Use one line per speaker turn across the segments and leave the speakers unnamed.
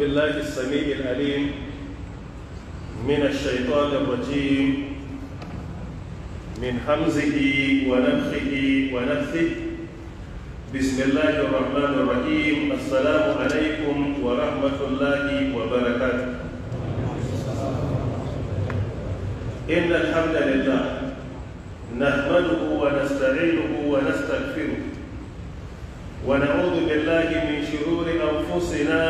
بالله السميع العليم من الشيطان الرجيم من حمزه ونفخه ونفثه بسم الله الرحمن الرحيم السلام عليكم ورحمة الله وبركاته إن الحمد لله نحمده ونستعينه ونستغفره ونعوذ بالله من شرور أنفسنا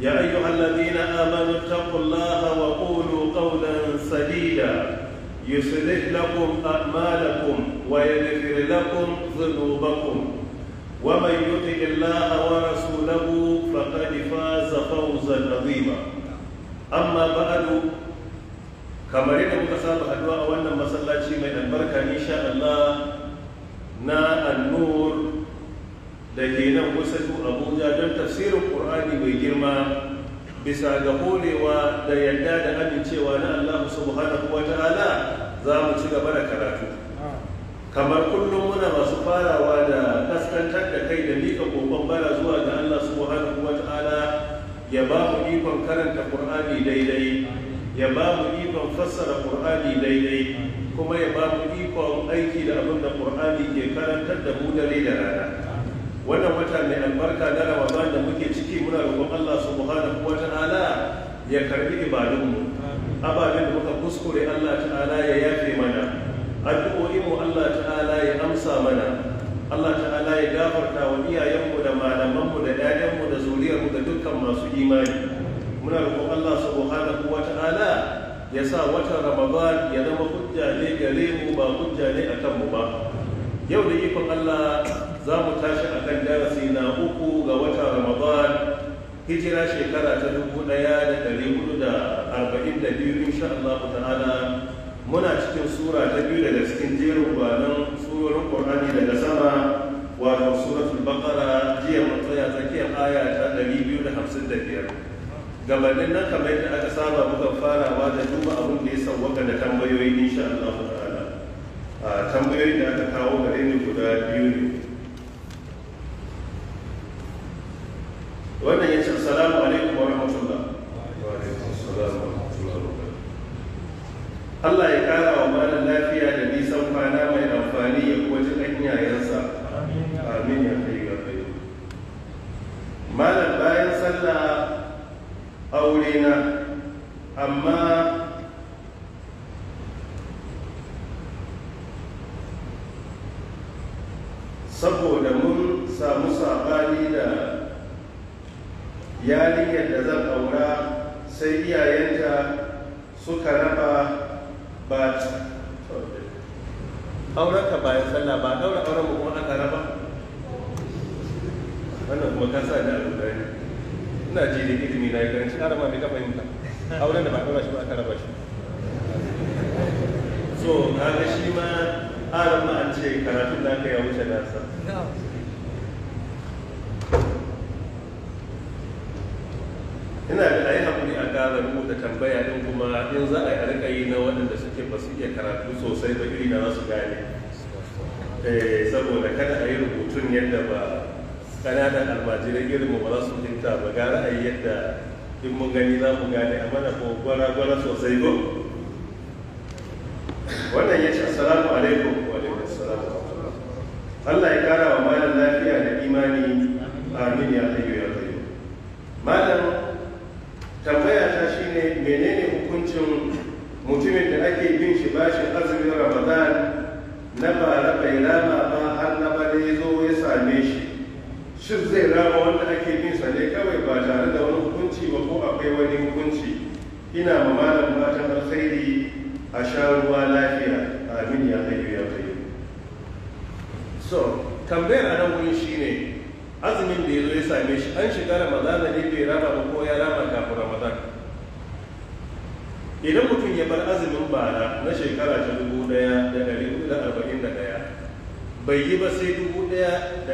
يا أيها الذين آمنوا اتقوا الله وقولوا قولا سديدا يصلح لكم أعمالكم ويغفر لكم ذنوبكم ومن يطع الله ورسوله فقد فاز فوزا عظيما أما بعد kamar yadda muka saba haduwa a wannan masallaci mai albarka insha Allah na annur da ke nan wasatu abuja don tafsirin ƙur'ani mai girma bisa ga horewa da yarda da amincewa na allahu subhanahu wa ta'ala za mu ci gaba da karatu kamar kullum muna masu farawa da kaskantar da kai da miƙa kokon bara zuwa ga allah subhanahu wa ta'ala ya ba mu ikon karanta ƙur'ani daidai ya ba mu ikon fassara ƙur'ani daidai kuma ya ba mu ikon aiki da abin da ƙur'ani ke karantar da mu da rana wannan wata mai albarka na ramadan da muke ciki muna roƙon Allah subhanahu wa ta'ala ya karbi ibadunmu ababen da muka kuskure Allah ta'ala ya yafe mana addu'o'i mu Allah ta'ala ya amsa mana Allah ta'ala ya gafarta wa iyayenmu da mu da mu da zuriyarmu da dukkan masu imani muna roƙon Allah subhanahu wa ta'ala ya sa watan Ramadan ya zama hujja ne gare mu ba hujja ne akan mu ba yau da ikon Allah za mu tashi a kan darasi na uku ga watan ramadan hijira shekara ta dubu ɗaya da ɗari hudu da arba'in da biyu insha Allah ta'ala muna cikin sura ta biyu daga cikin jerin gwanon surorin ƙur'ani daga sama wato suratul baqara jiya mun tsaya tsakiyar aya ta ɗari biyu da hamsin da biyar gabanin nan kamar yadda aka saba muka farawa da duba abin da ya sauwaka da tambayoyi insha Allah ta'ala tambayoyin da aka kawo gare ni duk zai rama wanda ake bin sa ne kawai ba tare da wani hukunci ba ko akwai wani hukunci ina ma malam fatan alkhairi a sharuwa ruwa lafiya amin ya hayu ya hayu so tambayar a nan shi shine azumin da ya zo ya same shi an shiga da ne bai rama ba ko ya rama kafin ramadan idan mutum ya bar azumin bara na shekara ta dubu daya da dari da arba'in da daya bai yi ba sai dubu ɗaya da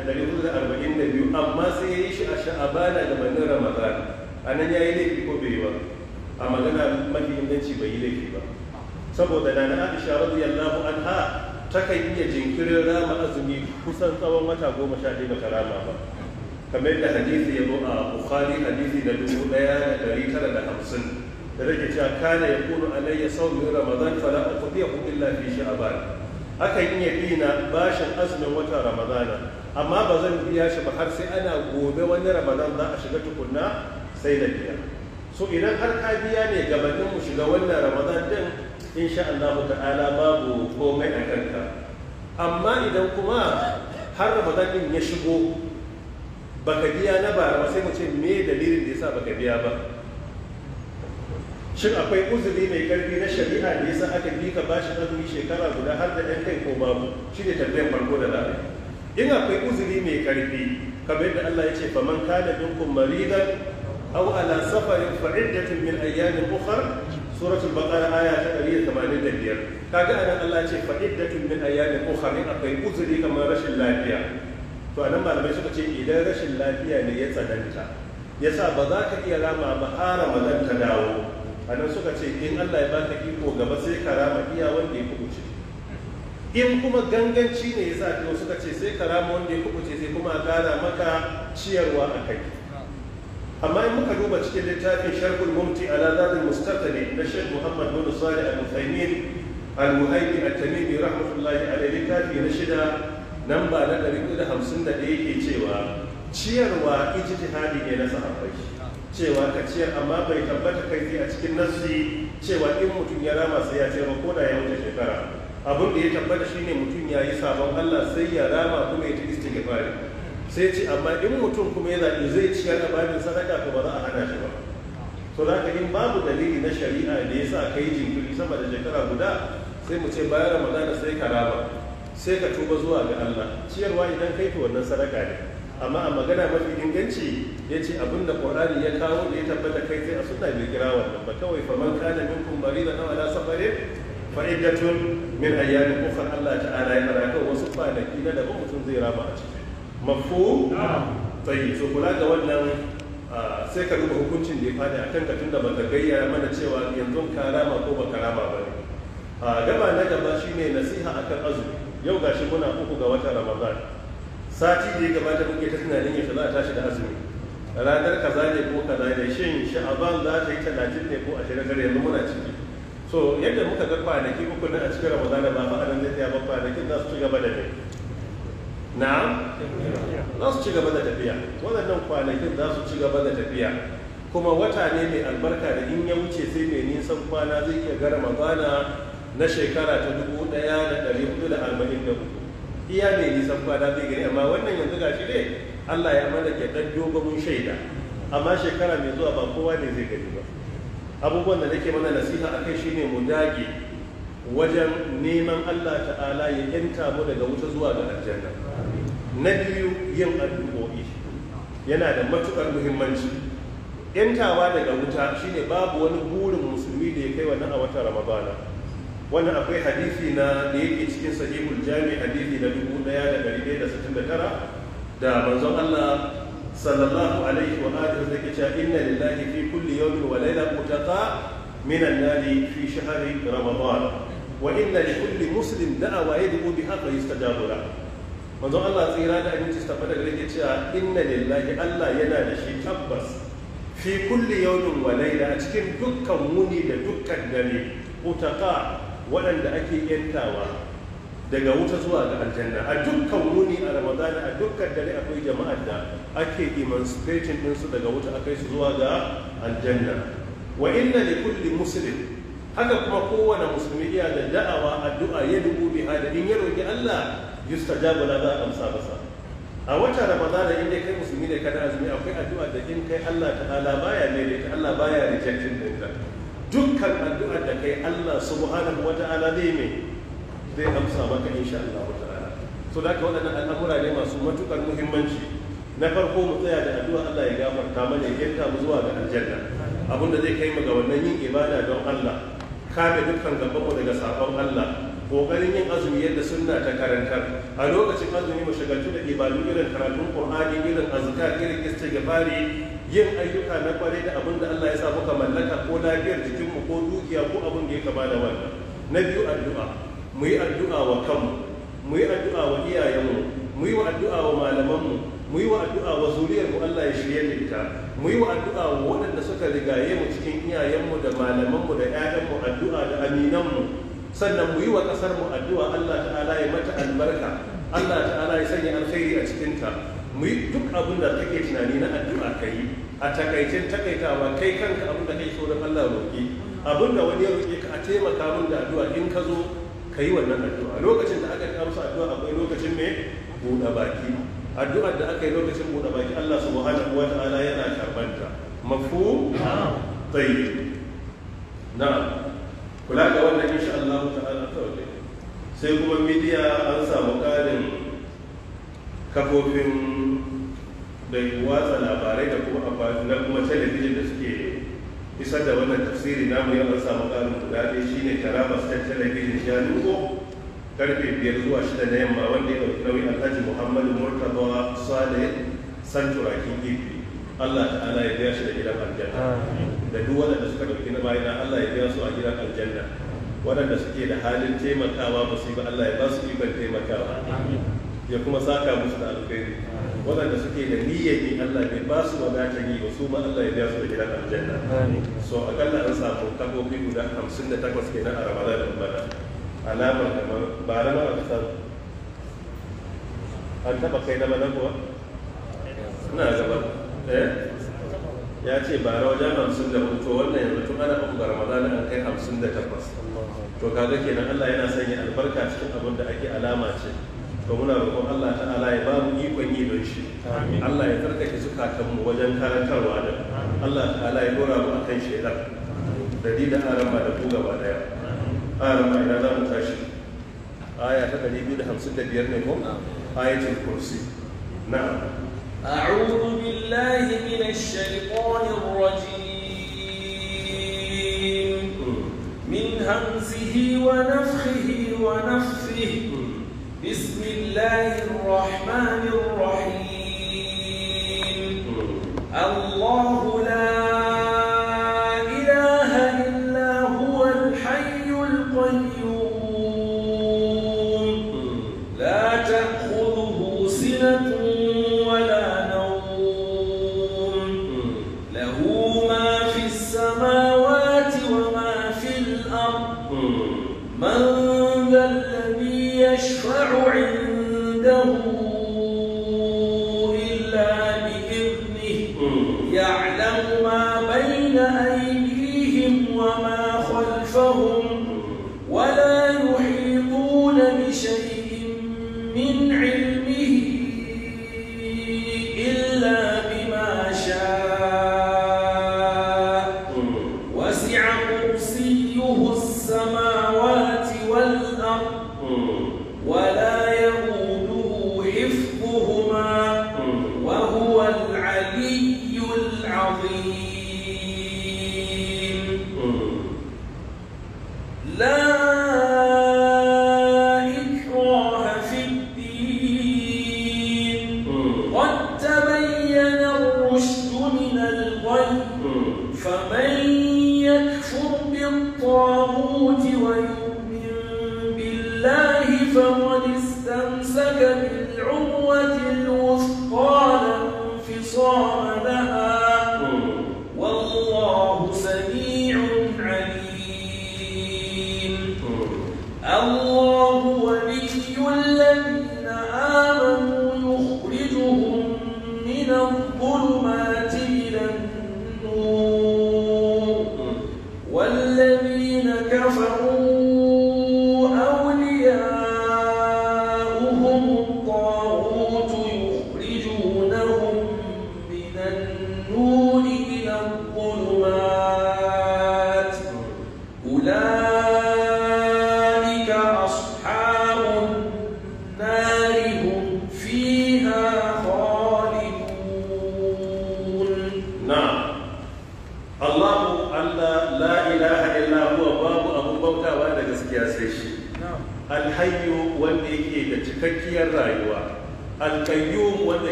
amma sai ya yi shi a sha'abana manin ramadan a nan ya yi laifi ko bai ba a magana mafi inganci bai yi laifi ba saboda na na aisha ha ta takan iya jinkirin rama azumi kusan tsawon wata goma sha ɗaya bata rama ba kamar yadda hadisi ya zo a bukhari hadisi na dubu ɗaya da ɗari tara da hamsin da rage cewa kana ya kunu alayya biyu ramadan fala uqdiyahu shi a sha'ban hakan iya bi na bashin azumin watan ramadana amma ba zan biya shi ba har sai ana gobe wani ramadan za a shiga tukunna sai da biya so idan har ka biya ne gabanin mu shiga wannan ramadan din insha Allah ta'ala babu komai a kanka amma idan kuma har ramadan din ya shigo baka biya na bara sai mu ce me dalilin da yasa baka biya ba shin akwai uzuri mai karfi na shari'a da yasa aka bi ka bashi azumi shekara guda har da ɗan kai ko babu shi ne tambayar farko da za in akwai uzuri mai karfi kamar yadda Allah ya ce man kana minkum maridan aw ala safarin fa da min ayyamin ukhra suratul baqara aya ta 185 kaga anan Allah ya ce fa iddatun min ayyamin ukhra in akwai uzuri kamar rashin lafiya to anan malamai suka ce idan rashin lafiya ne ya tsananta yasa ba za ka iya rama ba har Ramadan ta dawo a nan suka ce in Allah ya baka iko gaba sai karama iya wanda ya kubuce in kuma ganganci ne ya sa suka ce sai karama wanda ya kubuce sai kuma gara maka ciyarwa a kai amma in muka duba cikin littafin sharhul mumti ala zadul mustaqbali na Sheikh Muhammad bin Salih al-Uthaymeen al-Muhaymin al tamimi rahmatullahi alayhi littafi na shida namba na 151 yake cewa ciyarwa ijtihadi ne na sahabbai cewa ka ce, amma bai tabbata kai sai a cikin nasi cewa in mutum ya rama sai ya ce ba ko da ya wuce shekara abin da ya tabbata shine mutum ya yi sabon Allah sai ya rama kuma ya ta istighfari sai ce amma in mutum kuma ya zaɓi zai ciyar a babin sadaka ko ba za a hana shi ba to za ka in babu dalili na shari'a da ya sa ka yi jinkiri sama da shekara guda sai mu ce bayan ramadana sai ka rama sai ka tuba zuwa ga Allah ciyarwa idan kai to wannan sadaka ne amma a magana mafi inganci ya ce abin da ya kawo da ya tabbata kai sai a suna mai kira wannan ba kawai faman kana min kumbari da nawa na safarin fa'idatun min ayyami kufar Allah ta'ala ya haraka wasu kwanaki na daban mutum zai rama a ciki mafu tsayi so kula ga wannan sai ka duba hukuncin da ya fada akan ka tunda ba ka gayya mana cewa yanzu ka rama ko ba ka rama ba ne gaba na gaba shine nasiha akan azumi yau gashi muna uku ga watan ramadan sati da ya gabata muke ta tunanin yaushe za a tashi da azumi ranar kaza ne ko kaza ne shin sha'aban za ta yi talatin ne ko ashirin gari, yanzu muna ciki so yadda muka ga kwanaki uku na a cikin ramadana ba ba a zai tsaya ba kwanakin za su ci gaba da ne na za su ci gaba da tafiya waɗannan kwanakin za su ci gaba da tafiya kuma wata ne mai albarka da in ya wuce sai mai nisan kwana zai iya ga ramadana na shekara ta dubu ɗaya da ɗari hudu da arba'in da hudu iya mai nisan kwana zai gari amma wannan yanzu gashi ne Allah ya mana ke dan dogon shaida amma shekara mai zuwa ba kowa ne zai gani ba abubuwan da nake mana nasiha akai shine mu dage wajen neman Allah ta'ala ya yanta mu daga wuta zuwa ga aljanna na biyu yin addu'o'i yana da matukar muhimmanci yantawa daga wuta shine babu wani burin musulmi da ya kai wannan a watan ramadana wannan akwai hadisi na da yake cikin sahihul jami hadisi na dubu da dari da sittin da tara da manzon Allah sallallahu alaihi wa alihi da ke cewa inna lillahi fi kulli yawmin wa layla mutaqa min an-nari fi shahri ramadan wa inna li kulli muslim da'awa yad'u biha fa yustajabu la manzon Allah tsira da abinci tabbata da yake cewa inna lillahi Allah yana da shi tabbas fi kulli yawmin wa layla cikin dukkan muni da dukkan dare mutaqa waɗanda ake yantawa daga wuta zuwa ga aljanna a dukkan wuni a ramadana a dukkan dare akwai jama'ar da ake emancipating ɗinsu daga wuta a kai su zuwa ga aljanna wa inna li kulli muslim haka kuma kowane musulmi iya da da'awa addu'a ya dubu bi da in ya roki Allah yustajabu la za a amsa masa a wata ramadana in dai kai musulmi ne kada azumi akwai addu'a da in kai Allah ta'ala baya ne da Allah baya rejecting ɗinka dukkan addu'ar da kai Allah subhanahu wa ta'ala zai mai zai amsa maka insha Allah so da waɗannan al'amura ne masu matuƙar muhimmanci na farko mu tsaya da addu'a Allah ya gafarta mana ya ta mu zuwa ga aljanna da zai kai mu ga wannan yin ibada don Allah kame dukkan gaban daga sabon Allah kokarin yin azumi yadda sunna ta karantar a lokacin azumi mu shagaltu da ibadu irin karatun qur'ani irin azkar irin istighfari yin ayyuka na kwarai da abin da Allah ya sa muka mallaka ko lafiyar jikin mu ko dukiya ko abin da ya kama da wannan na biyu addu'a mu yi addu'a wa kanmu mu yi addu'a wa iyayenmu mu yi wa addu'a wa malamanmu mu yi wa addu'a wa zuriyarmu Allah ya shirye da ita mu yi wa addu'a wa waɗanda suka rigaye mu cikin iyayenmu da malamanmu da 'ya'yanmu addu'a da aminanmu sannan mu yi wa mu addu'a Allah ta'ala ya mata albarka Allah ta'ala ya sanya alkhairi a cikinta mu yi duk abin da take tunani na addu'a ka yi a takaicen takaitawa kai kanka abin da kai so don Allah roƙi abin da wani ya roƙe ka a taimaka min da addu'a in ka zo ka yi wannan addu'a lokacin da aka amsa addu'a akwai lokacin mai buɗe baki addu'a da aka yi lokacin buɗe baki Allah subhanahu wa ta'ala yana karbanta mafu tayyib na kula ga wannan insha Allah ta'ala sai kuma midiya an samu ƙarin kafofin da watsa labarai da kuma na kuma talabijin da suke isar da wannan tafsiri na mu an samu ƙarin kudade shine taraba talabijin ya nuko karfe biyar zuwa shida na yamma wanda ya ɗauki nauyin alhaji muhammadu murtaba saleh santurakin gibi allah ta'ala ya biya shi da gidan aljanna da duk waɗanda suka ɗauki na bayan allah ya biya su a gidan aljanna waɗanda suke da halin taimakawa ba yi ba allah ya ba su ikon taimakawa ya kuma saka musu da alkhairi waɗanda suke da niyyar yi Allah bai ba su wadatar yi ba su ma Allah ya biya su da gidan aljanna so akalla an samu kafofi guda hamsin da takwas kenan a ramadan da bana alamar kamar ba na mara kasar an taɓa kai na mana kuwa ina gaba eh ya ce ba na wajen hamsin da hutu wannan yanzu tun ana uku ga ramadan an kai hamsin da takwas to kaga kenan Allah yana sanya albarka cikin abin da ake alama ce to muna roƙon Allah ta'ala ya bamu ikon yi don shi Allah ya karkace zukatanmu wajen karantarwa da Allah ta'ala ya dora mu akan shaidar da ni da arama da ku gaba daya arama ina za mu tashi aya ta ɗari biyu da da hamsin 255 ne ko ayatul kursi na'am أعوذ
بالله من الشيطان الرجيم من همزه ونفخه ونفثه بسم الله الرحمن الرحيم الله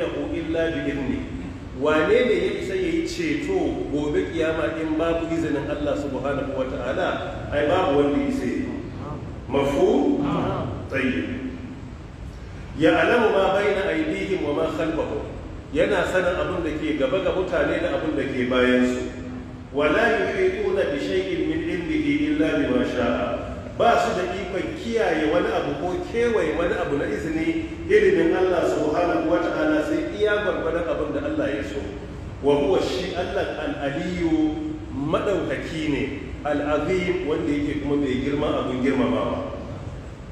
yashfa'u illa bi idni wane ne ya isa yayi ceto gobe kiyama in babu izinin Allah subhanahu wataala ai babu wanda yake mafhum tayyib ya'lamu ma baina aydihim wa ma khalfahum yana sanin abin da ke gaba ga mutane da abin da ke bayansu wala yuhituna bi shay'in min ilmihi illa bima sha'a ba su da ikon kiyaye wani abu ko kewaye wani abu na izini ilimin Allah su subhanahu wa ta'ala sai iya gwargwadon abin da Allah ya so wa huwa shi Allah al-aliyu madaukaki ne al-azim wanda yake kuma mai girma abin girmamawa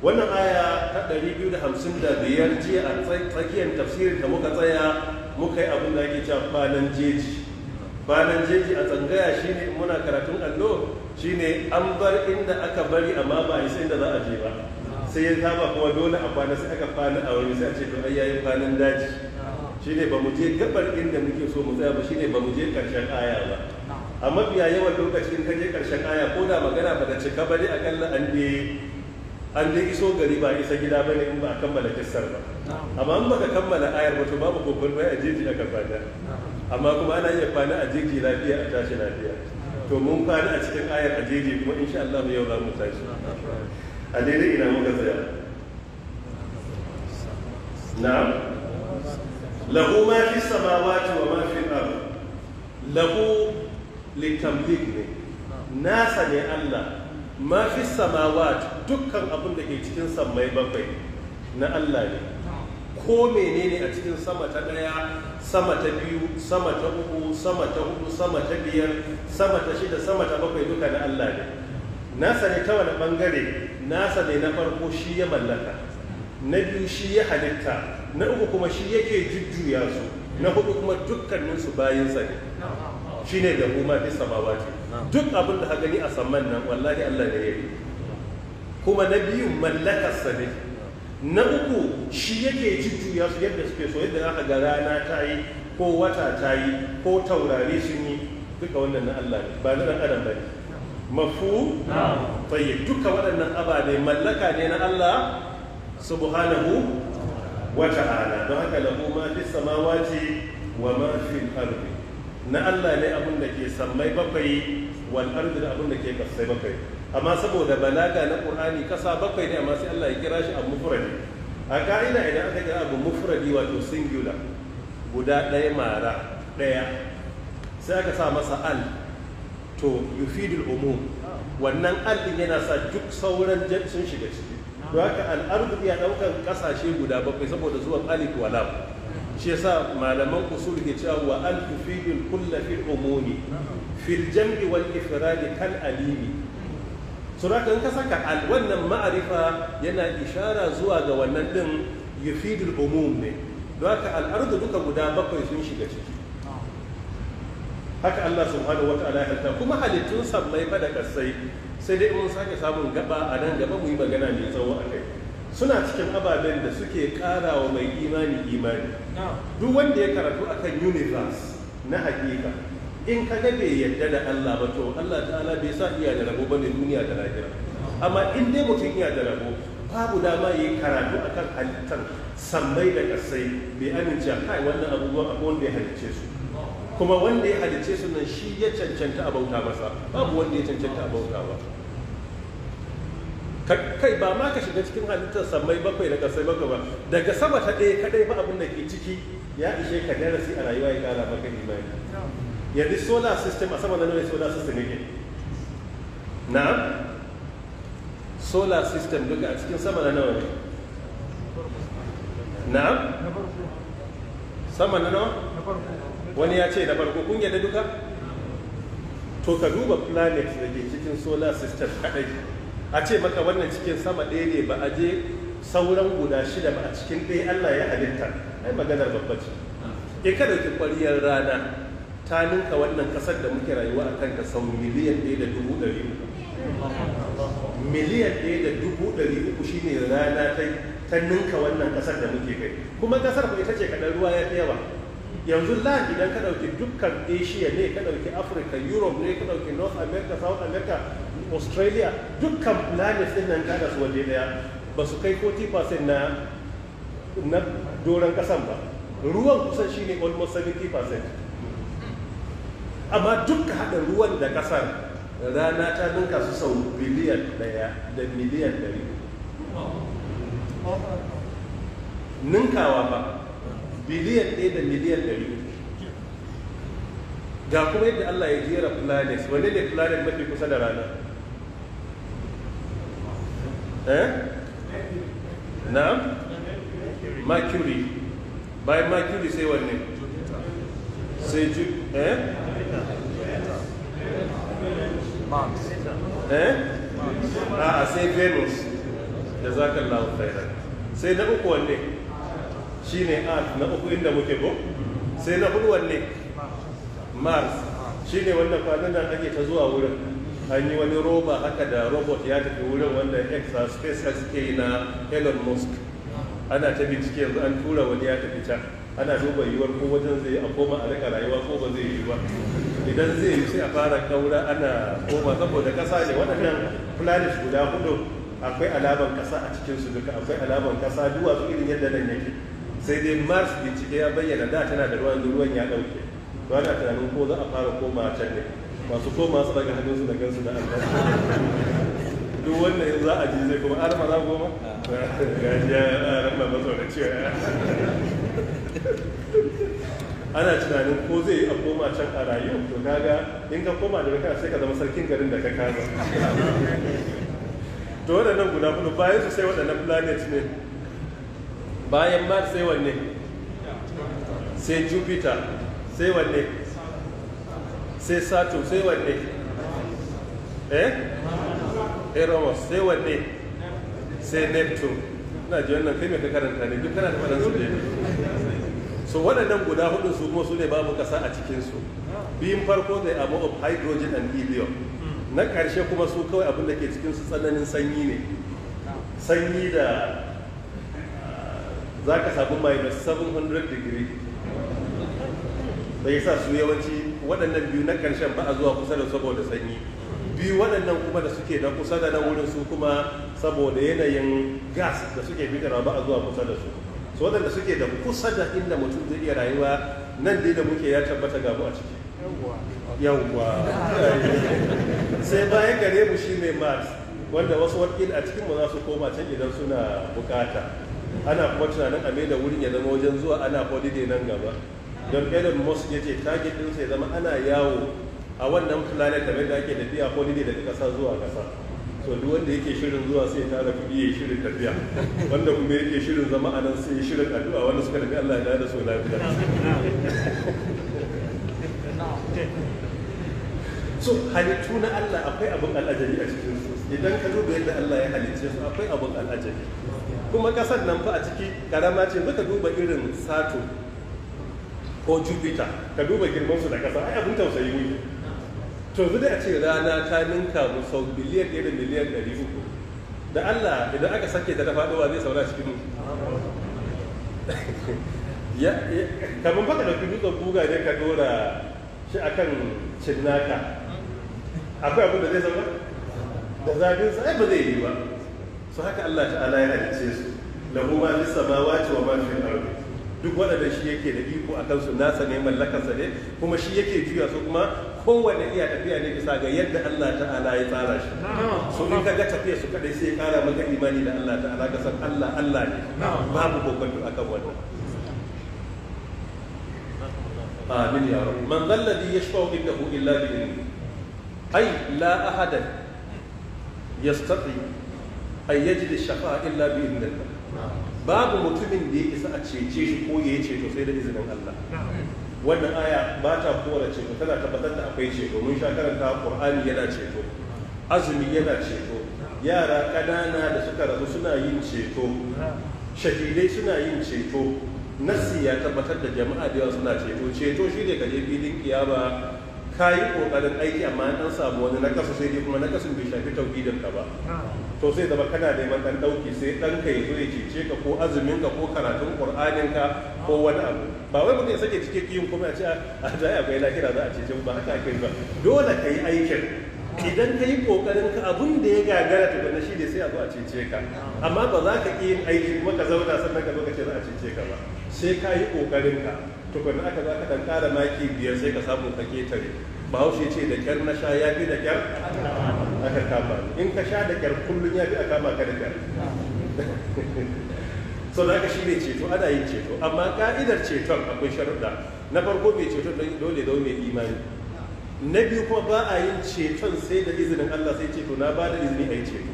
wannan aya ta 255 jiya a tsakiyar tafsirin da muka tsaya muka yi abin da ake cewa banan jeji banan jeji a tsangaya shine muna karatun allo shine an bar inda aka bari amma ba a isa inda za a je ba sai ya kama kuma dole a kwana sai aka kwana a wuri sai a ce to ai yayin kwanan daji shine ba mu je gabar inda muke so mu tsaya ba shine ba mu je karshen aya ba a mafiya yawan lokacin ka je karshen aya ko da magana ba ta cika ba dai akalla an je an dai iso gari ba isa gida bane in ba a kammala kissar ba amma in baka kammala ayar ba to babu kokon bai a jeji aka kwana amma kuma ana iya kwana a jeji lafiya a tashi lafiya to mun kari a cikin ayar ajeji kuma insha Allah yau za mu tashi a daidai ina muka tsaya na lahu ma fi samawati wa ma fi ard lahu litamlik ne nasa ne Allah ma fi samawati dukkan abin da ke cikin sammai bakwai na Allah ne ko menene a cikin sama ta ɗaya sama ta biyu sama ta uku sama ta hudu sama ta biyar sama ta shida sama ta bakwai duka na Allah ne nasa ne ta wani bangare nasa ne na farko shi ya mallaka na biyu shi ya halitta na uku kuma shi yake jujjuya su na hudu kuma dukkaninsu sa ne shine da goma fi samawati duk abin da ka gani a saman nan wallahi Allah ne ya yi kuma na biyu mallakarsa ne na uku shi yake ya su yadda suke so yadda aka ga rana ta yi ko wata ta yi ko taurari sun yi duka wannan na Allah ne ba na adam ba ne mafu tsaye duka waɗannan ababe mallaka ne na Allah subhanahu wa ta'ala don haka lahu ma fi samawati wa ma fi ardi na Allah ne abin da ke sammai bakwai wal ardi da abin da ke kasai bakwai amma saboda balaga na qur'ani kasa bakwai ne amma sai Allah ya kira shi abu mufradi a ka'ida idan aka kira abu mufradi wato singular guda ɗaya mara ɗaya sai aka sa masa al to yufidul umum wannan al din yana sa duk sauran sun shiga ciki don haka al'ardu ya ɗaukan ƙasashe guda bakwai saboda zuwan alif wa lam shi yasa malaman usul ke cewa wa al tufidul kulla fil umumi fil jam'i wal ifradi kal alimi suraka in ka saka al wannan ma'arifa yana ishara zuwa ga wannan din yufidul umum ne don haka al'ardu duka guda bakwai sun shiga ciki haka Allah subhanahu wata'ala ya halitta kuma halittun sammai fa da kasai sai dai mun sake samun gaba a nan gaba mu yi magana mai tsawo a kai suna cikin ababen da suke ƙarawa mai imani imani duk wanda ya karatu akan universe na hakika in ka ga bai yadda da Allah ba to Allah ta'ala bai sa iya da rabo bane duniya da lahira amma in dai mutum iya da rabo babu dama yi karatu akan halittar sammai da kasai bai amince kai wannan abubuwan abu da ya halicce su kuma wanda ya halicce su nan shi ya cancanta a bauta masa babu wanda ya cancanta a bauta ba kai ba ma ka shiga cikin halittar sammai bakwai da kasai bakwai ba daga sama ta ɗaya kaɗai ba abin da ke ciki ya ishe ka darasi a rayuwa ya ƙara maka imani yanzu solar system a sama na nawa solar system yake na solar system duka a cikin sama na nawa ne na sama na nawa wani ya ce na farko kun da duka to ka duba planet da ke cikin solar system kadai a ce maka wannan cikin sama ɗaya ne ba a je sauran guda shida ba a cikin ɗaya Allah ya halitta ai maganar babbaci in ka dauki ƙwariyar rana ta ninka wannan kasar da muke rayuwa a kanta sau miliyan ɗaya da dubu ɗari uku miliyan ɗaya da dubu ɗari uku shi ne rana ta ninka wannan kasar da muke kai kuma kasar ku ita ce kaɗan ruwa ya ba yanzu land idan ka ɗauki dukkan asia ne ka ɗauki africa europe ne ka ɗauki north america south america australia dukkan planets ɗin nan kada su waje ɗaya ba su kai 40% na na doron kasan ba ruwan kusan shine almost 70% amma duka haɗa ruwan da ƙasar rana ta dinka su sau biliyan ɗaya da miliyan ɗari ninkawa ba biliyan ɗaya da miliyan ɗari ga kuma yadda Allah ya jera planets wani ne planet mafi kusa da rana eh? na mercury bayan mercury sai wanne sai
eh Marx. Eh?
A'a sai Venus. Da za ka lawo khairan. Sai na uku wanne? Shi ne Art na uku inda muke ko? Sai na hudu wanne? Mars. Shi ne wanda kwanan nan ake ta zuwa wurin. An yi wani roba haka da robot ya tafi wurin wanda extra space suke na Elon Musk. ana ta bincike yanzu an tura wani ya tafi can ana duba yiwuwar ko wajen zai a koma a rika rayuwa ko ba zai yi ba idan zai yi sai a fara kaura ana koma saboda kasa ne waɗannan planet guda hudu akwai alaman kasa a cikin su duka akwai alaman kasa duwatsu irin yadda nan yake sai dai mars bincike ya bayyana da tana da ruwan ruwan ya ɗauke to ana tunanin ko za a fara koma can ne masu koma su daga hannun su da gansu da allah duk wannan za a ji zai kuma har ma za goma ah. gajiya ran ba mazauna cewa ana tunanin ko zai a koma can a rayu to kaga in ka koma da kana sai ka zama sarkin garin da ka kaza to waɗannan guda hudu bayan su sai waɗannan planet ne bayan mars sai wanne sai jupiter sai wanne sai saturn sai wanne eh eros sai wanne sai neptune ina ji wannan kai mai ka karanta ne duk kana da waɗansu ne so waɗannan guda hudu su kuma su ne babu ƙasa a cikinsu biyun farko da abu of hydrogen and helium na ƙarshe kuma su kawai abin da ke cikinsu tsananin sanyi ne sanyi da ah, za ka samu da 700 degree da yasa su yawanci waɗannan biyu na ƙarshen ba a zuwa kusa da saboda sanyi biyu waɗannan kuma da suke na kusa da na wurin su kuma saboda yanayin gas da suke fitarwa ba a zuwa kusa da su su waɗanda suke da kusa da inda mutum zai iya rayuwa nan dai da muke ya tabbata gabu a ciki yawwa sai bayan gare mu shi mai mars wanda wasu wakil a cikinmu za su koma can idan suna bukata ana kuma tunanin a da wurin ya zama wajen zuwa ana holiday nan gaba don elon musk ya ce target ɗinsa ya zama ana yawo a wannan planet da da ake tafiya holiday daga ƙasa zuwa kasa. to duk wanda yake shirin zuwa sai tara kuɗi ya shirin tafiya wanda kuma yake shirin zama a nan sai ya shirin addu'a wanda suka tafi Allah ya da su lafiya so halittu na Allah akwai abin al'ajabi a cikin su idan ka duba yadda Allah ya halicce su akwai abin al'ajabi kuma kasar nan fa a ciki karama ce muka duba irin Saturn ko Jupiter ka duba girman su da kasa ai abin tausayi ne to yanzu da a ce rana ta ninka mu sau biliyan ɗaya da miliyan ɗari uku da Allah idan aka sake ta da faɗowa zai saura cikin mu kamar da kudu da guga ne ka dora shi akan cinnaka akwai abin da zai zama da zafin sa ba zai yi ba su haka Allah ta'ala ya halice su lahu ma fi samawati wa ma fi al duk waɗanda shi yake da iko a kansu nasa ne mallakarsa ne kuma shi yake juya su kuma kowane iya tafiya ne bisa ga yadda Allah ta'ala ya tsara shi so in ka ga tafiya su kadai sai ya kara maka imani da Allah ta'ala ka san Allah Allah ne babu a akan wannan
amin ya rabu man
zalladhi yashfa'u indahu illa bi idhnihi ay la ahadan yastati ay yajid ash-shafa'a illa bi idhnillah babu mutumin da ya isa a cece shi ko ya ceto sai da izinin Allah wannan aya ba ta kora ceto tana tabbatar da akwai ceto mun sha karanta Qur'ani yana ceto azumi yana ceto yara ƙanana da suka rasu suna yin ceto shahidai suna yin ceto Nasiya ya tabbatar da jama'a da yawa suna ceto ceto shi ne kaje filin kiyama ka yi kokarin aiki amma an samu wani na kasu sai dai kuma na kasu bai shafi tauhidin ka ba to sai zama kana neman ɗan ɗauki sai ɗanka ka yi ya cece ka ko azumin ka ko karatun ƙur'anin ka ko wani abu ba wai mutum ya sake cike kiyin kuma a ce ah, ah, a a bai lahira za a cece ba haka ake ba dole ka yi aikin idan ka yi kokarin ka abun da ya gagara tukuna shi ne sai a zo a cece ka amma ba za ka iya yin aiki kuma ka zauna sannan ka zo ka ce za a cece ka ba sai ka yi kokarin ka kwanan aka za ka dan kara maki biyar sai ka samu ka ketare bahaushe ce da kyar na sha ya fi da kyar aka kama in ka sha da kyar kullum ya fi a kama ka da kyar so da aka shi ne ceto ana yin ceto amma ka'idar ceton akwai sharuɗa na farko mai ceton dole zau mai imani na biyu kuma ba a yin ceton sai da izinin allah sai ceto na ba da izini a yi ceto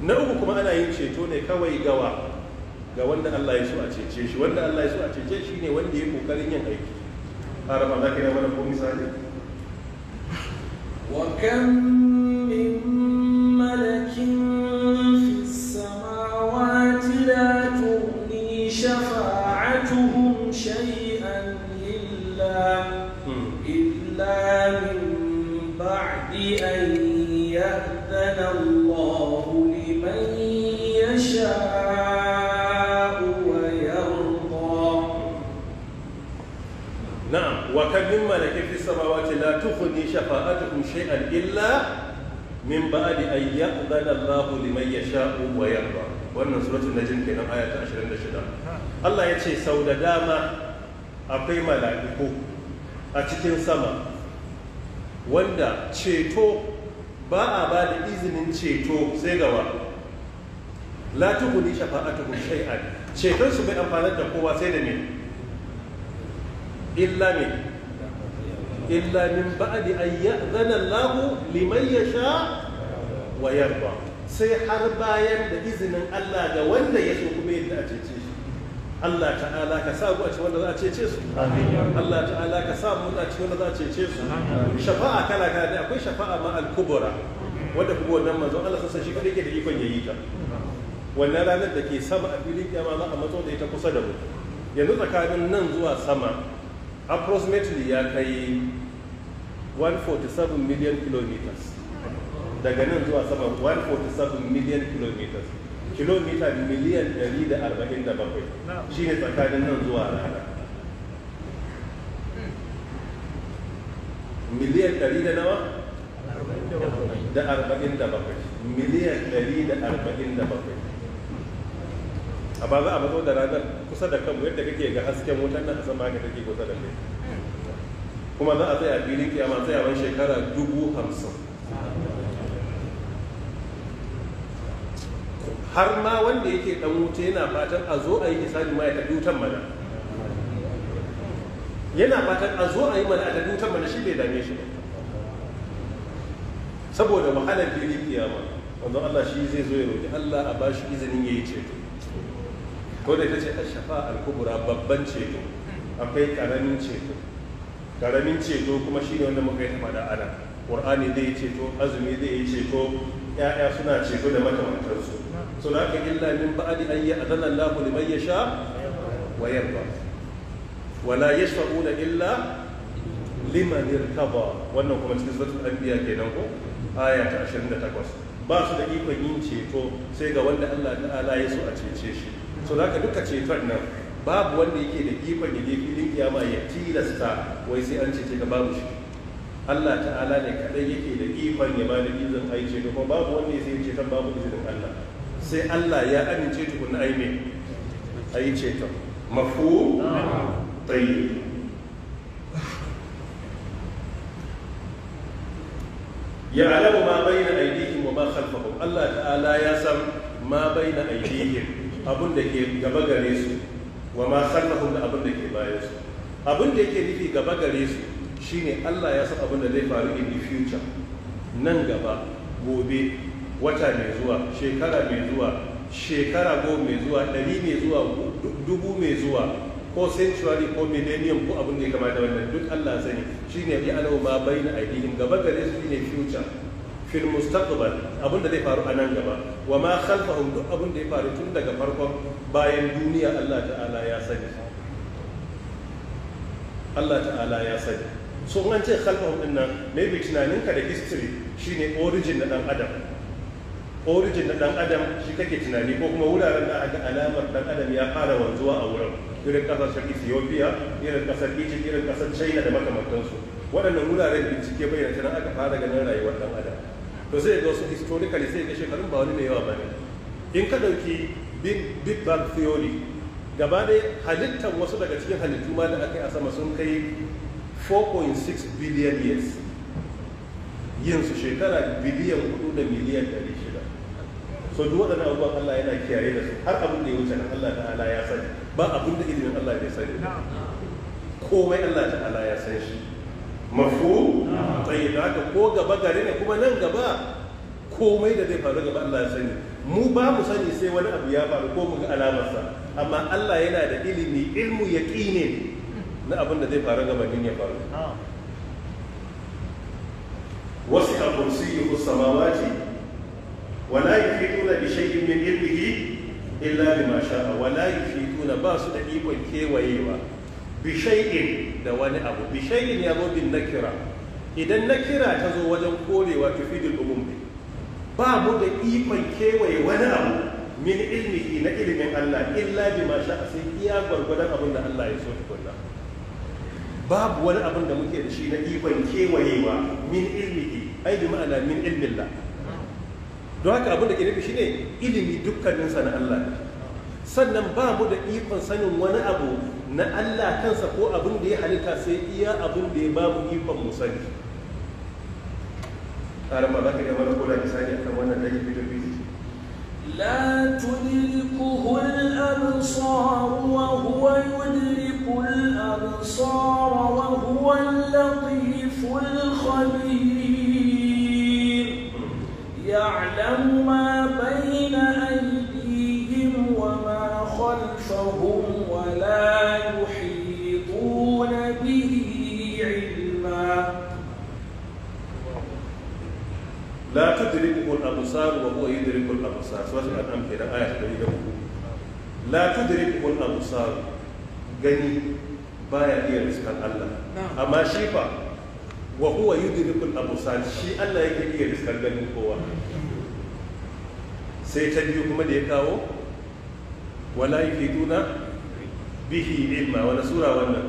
na uku kuma ana yin ceto ne kawai gawa ga wanda Allah ya so a cece shi wanda Allah ya so a cece shi ne wanda ya kokarin yin aiki har ma za ka yi wani ko
misali wa kam min malakin fi samawati la tughni shafa'atuhum shay'an illa illa min ba'di an ya'dana Allah liman
samawati la tukhni shafa'atukum shay'an illa min ba'di an ya'dhana Allahu liman yasha'u wa yarda wannan suratul najm kenan aya ta 26 Allah ya ce sau da dama akwai mala'iku a cikin sama wanda ceto ba a ba da izinin ceto sai gawa la tukhni shafa'atukum shay'an ceton su bai amfanar da kowa sai da ne illa ne illa min ba'di an ya'zana Allah liman yasha wa yarda sai har bayan da izinin Allah ga wanda ya so kuma a cece Allah ta'ala ka sa mu a cikin wanda za a cece su Allah ta'ala ka sa mu a cikin wanda za a cece su shafa'a kala kala da akwai shafa'a ma al-kubra wanda kuma wannan manzon Allah sassa shi kadai ke da ikon yayi ta wannan ranar da ke sama a filin kiyama za a matso da ita kusa da mu yanzu tsakanin nan zuwa sama approximately ya kai 147 million kilometers daga nan zuwa sama 147 million kilometers kilomita miliyan 147 shi ne tsakanin nan zuwa rana miliyan 100 da nawa da 47 miliyan 147 a ba za a mazo da ranar kusa da kanmu yadda kake ga hasken wutan nan a sama ka take kusa da kai kuma za a tsaya filin kiyama tsayawan shekara dubu hamsin har ma wanda yake dan wuta yana fatan a zo a yi hisabi ma ya tafi wutan mana yana fatan a zo a yi mana a tafi wutan mana shi bai dame shi ba saboda wahalar filin kiyama wanda Allah shi zai zo ya roƙi Allah a bashi izinin ya yi ceto ko da ita ce a shafa al kubura babban ceto akwai ƙaramin ceto karamin ceto kuma shine wanda muka yi tamada ana qur'ani zai yi ceto azumi zai yi ceto ya'ya suna ceto da makamantansu so na ka illa min ba'adi an ya'zana Allah liman sha wa ba. wala ya yashfa'una illa liman irtaba wannan kuma cikin suratul anbiya kenan ko aya ta takwas. ba su da ikon yin ceto sai ga wanda Allah ta'ala ya so a cece shi so da ka duka ceton nan babu wanda yake da ikon ya je filin kiyama ya tilasta wai sai an cece ka babu shi Allah ta'ala ne kadai yake da ikon ya bada izin aice ce ko babu wanda ya sai ce kan babu izinin Allah sai Allah ya amince ta ai aime ai ta mafu tayyib ya alamu ma bayna aidihim wa ma khalfahum Allah ta'ala ya san ma bayna aidihim abun da ke gaba gare su wa ma khalfahum da abin da ke bayan su abin da yake nufi gaba gare su shine Allah ya san abin da zai faru in the future nan gaba gobe wata mai zuwa shekara mai zuwa shekara goma mai zuwa dari mai zuwa dubu mai zuwa ko century ko millennium ko abin da ya kamata wannan duk Allah sani shine ya alawo ma bayyana aidihim gaba gare su shine future fil mustaqbal abin da zai faru a nan gaba wa ma khalfahum duk abin da ya faru tun daga farkon bayan duniya Allah ta'ala ya sani Allah ta'ala ya sani so an ce khalfahum din nan bi tunanin ka da history shine origin na dan adam origin na dan adam shi kake tunani ko kuma wuraren da aka alamar dan adam ya fara wanzuwa a wurin irin kasashen Ethiopia irin kasar Egypt irin kasar China da makamantansu waɗannan wuraren bincike bayyana tunan aka fara ganin rayuwar dan adam to zai zo su historically zai ga shekarun ba wani mai yawa ba ne in ka ɗauki big bang theory gaba da halittar wasu daga cikin halittu ma da aka yi a sama sun kai 4.6 billion years yin su shekara biliyan 4 da miliyan 600 so duk waɗannan abubuwan Allah yana kiyaye da su har abin da ya wuce nan Allah ala ya sani ba abin da ilimin Allah bai sani komai Allah ala ya san shi mafu tsaye da haka ko gaba gare ne kuma nan gaba komai da zai faru gaba Allah ya sani mu ba mu sani sai wani abu ya faru ko mu alamarsa amma Allah yana da ilimi ilmu ne, na abin da zai faru gaba din ya faru wasu kursiyyuhu samawati yi fi tuna bi shay'in min ilmihi illa bima Wala yi fi tuna ba su da ikon kewayewa bishai'in da wani abu bishai'in ya zo bin nakira idan nakira ta zo wajen korewa tufidul umum ne ba mu da ikon kewaye wani abu min ilmihi na ilimin Allah illa bi ma sha sai iya gwargwadon abin da Allah ya so tukunna babu wani abin da muke da shi na ikon kewayewa min ilmihi ai bi ma'ana min don haka abin da ke nufi shine ilimi dukkaninsa na Allah ne sannan ba mu da ikon sanin wani abu na Allah kansa ko abin da ya halitta sai iya abin da ya babu ikon mu sani ƙarar ma za ka iya mana kola misali akan wannan ɗaya
bidiyo biyu لا تدركه الأبصار وهو يدرك الأبصار وهو اللطيف الخبير يعلم ما
la tudriku al-absar wa huwa yudriku al-absar suratul an'am ayat da ta ku la tudriku al-absar gani baya iya riskan Allah amma shi fa wa huwa yudriku al-absar shi Allah yake iya riskan ganin kowa sai ta biyu kuma da ya kawo wala yufiduna bihi ilma wala sura wannan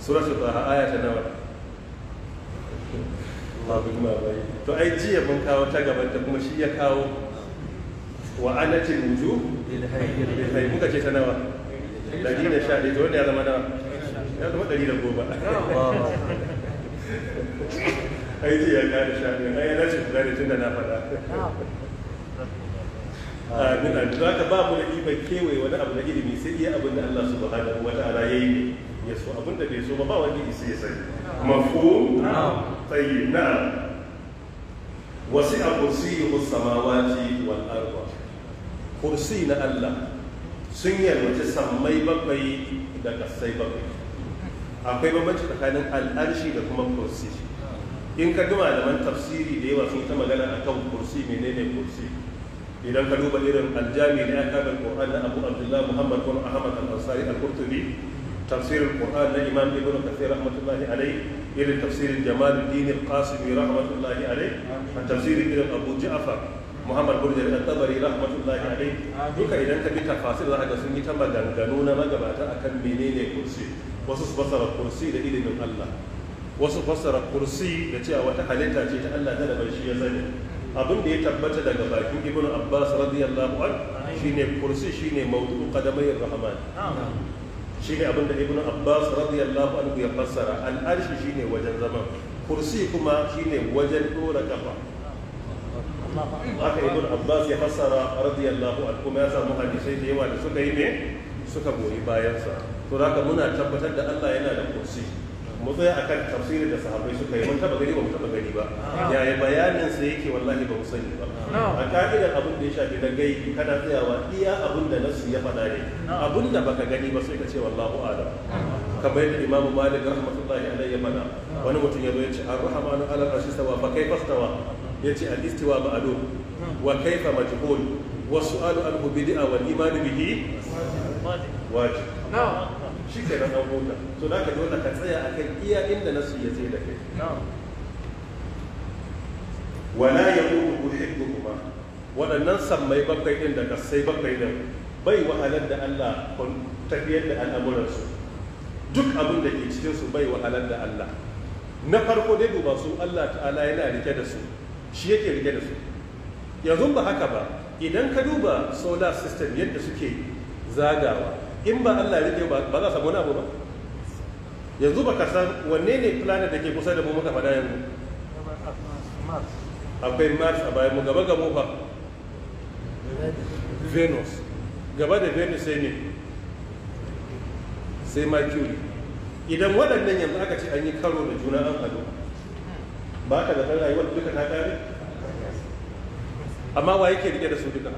suratul taha aya ta nawa Allahu akbar to ai jiya mun kawo ta gaban ta kuma shi ya kawo wa anatil wuju bil muka ce ta nawa dari da sha ɗaya to wanda ya zama nawa ya zama dari da goma ai jiya ya kada sha ɗaya ai ya dace kula da tunda na faɗa
amin Da don
haka ba mu da ɗiban kewaye wani abu na ilimi sai iya abin da Allah subhanahu wa ta'ala ya yi ya so abin da bai so ba ba wanda isa ya sani
mafu
tayyib na'am wasi'a kursiyyuhu samawati wal arda kursi na Allah sun yalwaci sammai bakwai da kasai bakwai akwai bambanci tsakanin al'ashi da kuma kursi in ka gama da tafsiri da yawa sun ta magana akan kursi menene kursi idan ka duba irin aljami na akabin qur'an na abu abdullahi muhammad bin ahmad al-ansari al-qurtubi tafsirin qur'an na imam ibnu kathir rahmatullahi alayhi irin tafsirin jamaluddin al-qasimi rahmatullahi alai a tafsirin irin abu ja'far muhammad burjari al-tabari rahmatullahi alai duka idan ka bi tafasir za ga sun yi ta maganganu na magabata akan menene kursi wasu su kursi da ilimin allah wasu fassara kursi da cewa wata halitta ce ta allah da shi ya sani abin da ya tabbata daga bakin ibn abbas radiyallahu an shine kursi shine mawdu'u qadamayir rahman shine abin da ibnu abbas radiyallahu anhu ya fassara al'arshi shine wajen zaman kursi kuma shine wajen dora kafa haka ibnu abbas ya fassara radiyallahu anhu kuma ya samu hadisai da yawa da suka yi ne suka goyi bayansa to haka muna tabbatar da Allah yana da kursi mu akan tafsirin da sahabbai suka yi mun taba gani ba mu taba gani ba yaya bayanin sa yake wallahi ba mu sani ba a ka'idar abin da ya shafi na gai kana tsayawa iya abin da nasu ya faɗa ne abin da baka gani ba sai ka ce wallahu alam kamar yadda imam malik rahmatullahi alaihi ya faɗa wani mutum ya zo ya ce ar-rahmanu ala arshi sawa fa kaifa stawa ya ce al-istiwa ma'lum wa kaifa majhul wa su'alu al-bid'a wal iman bihi wajib shi ke rana huta so da ka dole ka tsaya akan iya inda nasu ya tsaye da kai wala ya kudu hibbu kuma waɗannan sammai bakwai ɗin da kasai bakwai ɗin bai wahalar da Allah tafiyar da al'amuransu duk abin da ke cikinsu bai wahalar da Allah na farko dai duba su Allah ta'ala yana rike da su shi yake rike da su yanzu ba haka ba idan ka duba solar system yadda suke zagawa in ba Allah rike ba ba za a samu wani abu ba yanzu ba ka san wanne ne planet da ke kusa da mu muka faɗa yanzu akwai mars a bayan mu gaba gabo ba venus gaba da venus sai ne sai mercury idan waɗannan yanzu aka ce an yi karo da juna an hadu ba ka da rayuwar duka ta kare amma wa yake rike da su duka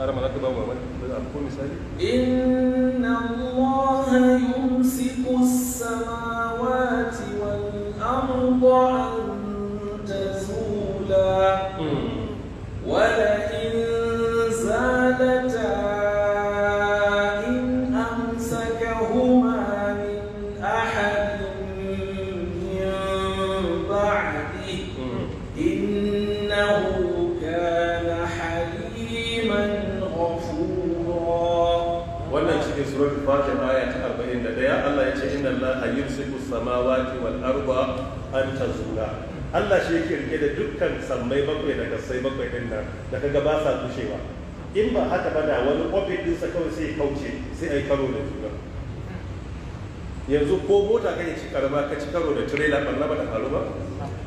أرى مراكب أكون مثالي
إن الله يمسك السماوات والأرض أن تزولا ولئن
Allah yumsiku samawati wal arba an tazura Allah shi yake rike da dukkan sammai bakwai da sai bakwai din nan da kaga ba sa kushewa in ba haka ba da wani ofis din sa kawai sai kauce sai ai karo da juna yanzu ko mota kai ci karama ka ci karo da trailer barna ba da faru ba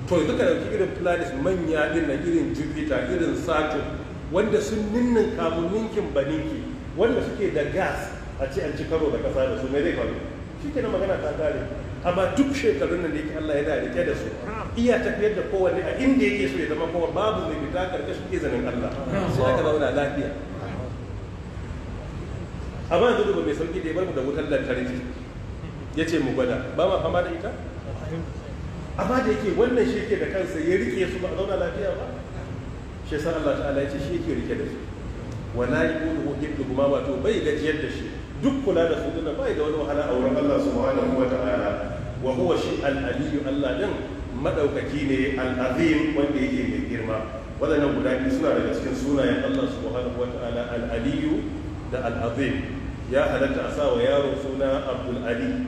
to yanzu ka dauki irin planet manya din nan irin Jupiter irin Saturn wanda sun ninnin kamun ninkin baninki wanda suke da gas a ce an ci karo da kasa da su mai zai faru shi na magana ta gare amma duk shekarun nan da yake Allah ya rike da su iya tafiyar da kowanne a inda yake so ya zama kowa babu mai fita karkashin izinin Allah sai aka zauna lafiya amma yanzu duba mai sauki da ya bar da wutar lantarki ya ce mu gwada ba ma fama da ita amma da yake wannan shi da kansa ya rike su ba a zauna lafiya ba shi sa Allah ta'ala ya ce shi yake rike da su wala ko hukmu kuma wato bai gajiyar da shi duk kula da su dinnan bai da wani wahala a wurin Allah subhanahu wa ta'ala wa huwa shi al-aliyyu Allah din madaukaki ne al-azim wanda yake mai girma wadannan guda biyu suna daga cikin sunayen Allah subhanahu wa ta'ala al-aliyyu da al-azim ya halatta a sa wa yaro suna Abdul Ali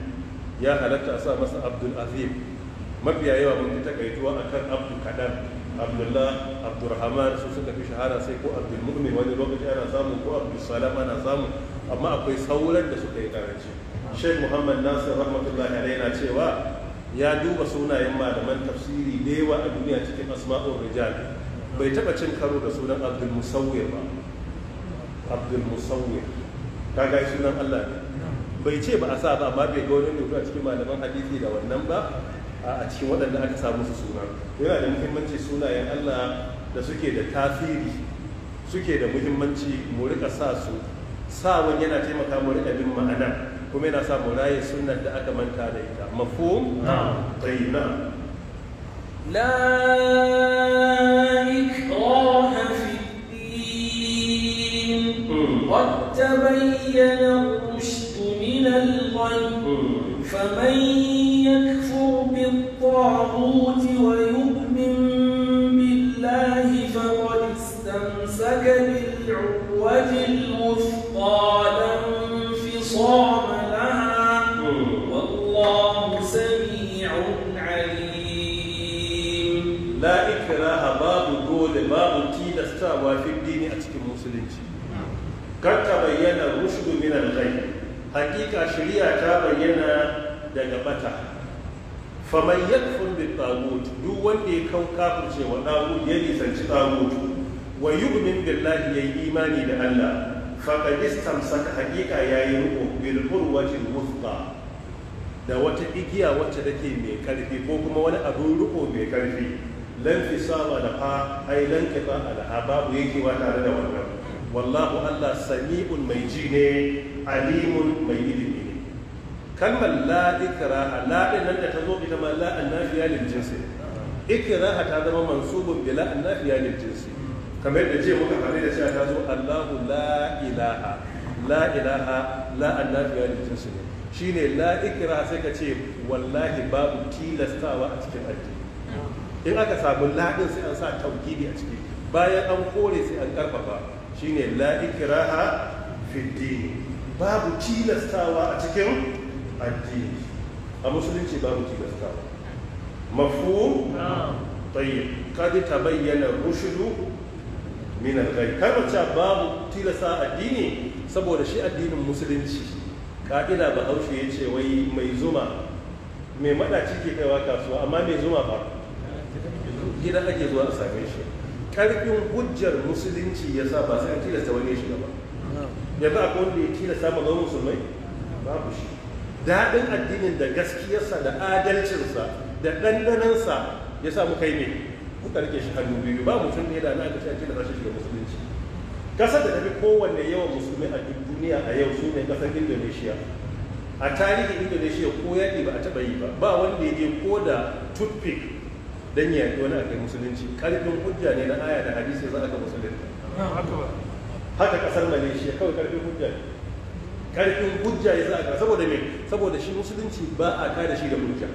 ya halatta a sa masa Abdul Azim mafiya yawa mun fi takaituwa akan Abdul Kadan abdullah abdurrahman su suka fi shahara sai ko abdul mu'min wani lokaci ana samu ko abdul salam ana samu amma akwai sauran da suka yi karanci sheikh muhammad nasir rahmatullahi alaihi yana cewa ya duba sunayen malaman tafsiri da yawa a duniya cikin asma'ur rijal bai taba cin karo da sunan abdul musawwir ba abdul musawwir ga sunan Allah ne bai ce ba a sa ba amma bai ga wani a cikin malaman hadisi da wannan ba a cikin waɗanda aka samu su suna yana da muhimmanci sunayen Allah da suke da tasiri suke da muhimmanci mu rika sa su sawan yana taimaka mu rika ma'ana kuma yana sa mu raye sunnar da aka manta da ita mafhum
bayna la ikraha fi din wat hmm. tabayyana rushd min al ghayb hmm. faman yakfur bi at-taghut wa
tilastawa dini a cikin musulunci kar bayyana rushdu min al-ghayb hakika shari'a ta bayyana daga bata faman yakfur bi tagut duk wanda ya kau kafirce wa tagut ya nisanci tagut wa yu'min billahi yayi imani da Allah faqad istamsaka hakika yayi ruku bil urwati wuthqa da wata igiya wacce take mai karfi ko kuma wani abin ruko mai karfi lan fisama da fa ai lan kifa ha babu yake wa tare da wannan wallahu Allah sami'un mai ji ne alimun mai ilimi ne kalmar la ikraha la nan da ta zo ita ma la annafiya lil jinsi ikraha ta zama mansubun bila annafiya lil jinsi kamar da je muka fare da cewa ta zo Allahu la ilaha la ilaha la annafiya lil jinsi ne shine la ikraha sai ka ce wallahi babu tilastawa a cikin addini in aka samu laɗin sai an sa taukidi a ciki bayan an kore sai an karfafa shine la ikraha fiddi babu tilastawa a cikin addini a musulunci babu tilastawa mafu tayyib kad tabayyana rushdu min al-ghayb kalmar babu tilasta addini saboda shi addinin musulunci ka'ida ba haushe yace wai mai zuma mai madaci ke kaiwa kasuwa amma mai zuma ba Idan ake zuwa a same shi karfin hujjar musulunci ya sa ba sai tilasta wani shi ba yanzu akwai wanda ya tilasta ma zama musulmai babu shi daɗin addinin da gaskiyarsa da adalcinsa da ɗanɗanansa ya sa muka yi ne kuka rike shi hannu biyu ba mutum ne da na aka ce da rashin shiga musulunci ƙasar da tafi kowanne yawan musulmi a duk duniya a yau su ne ƙasar indonesia a tarihin indonesia ko yaƙi ba a taɓa yi ba ba wanda ya je ko da toothpick dan ya yi wani akwai musulunci karfin hujja ne na aya da hadisi za a ga musulunci haka kasar malaysia kawai karfin hujja ne karfin hujja ya za a saboda me saboda shi musulunci ba a ka da shi da hujja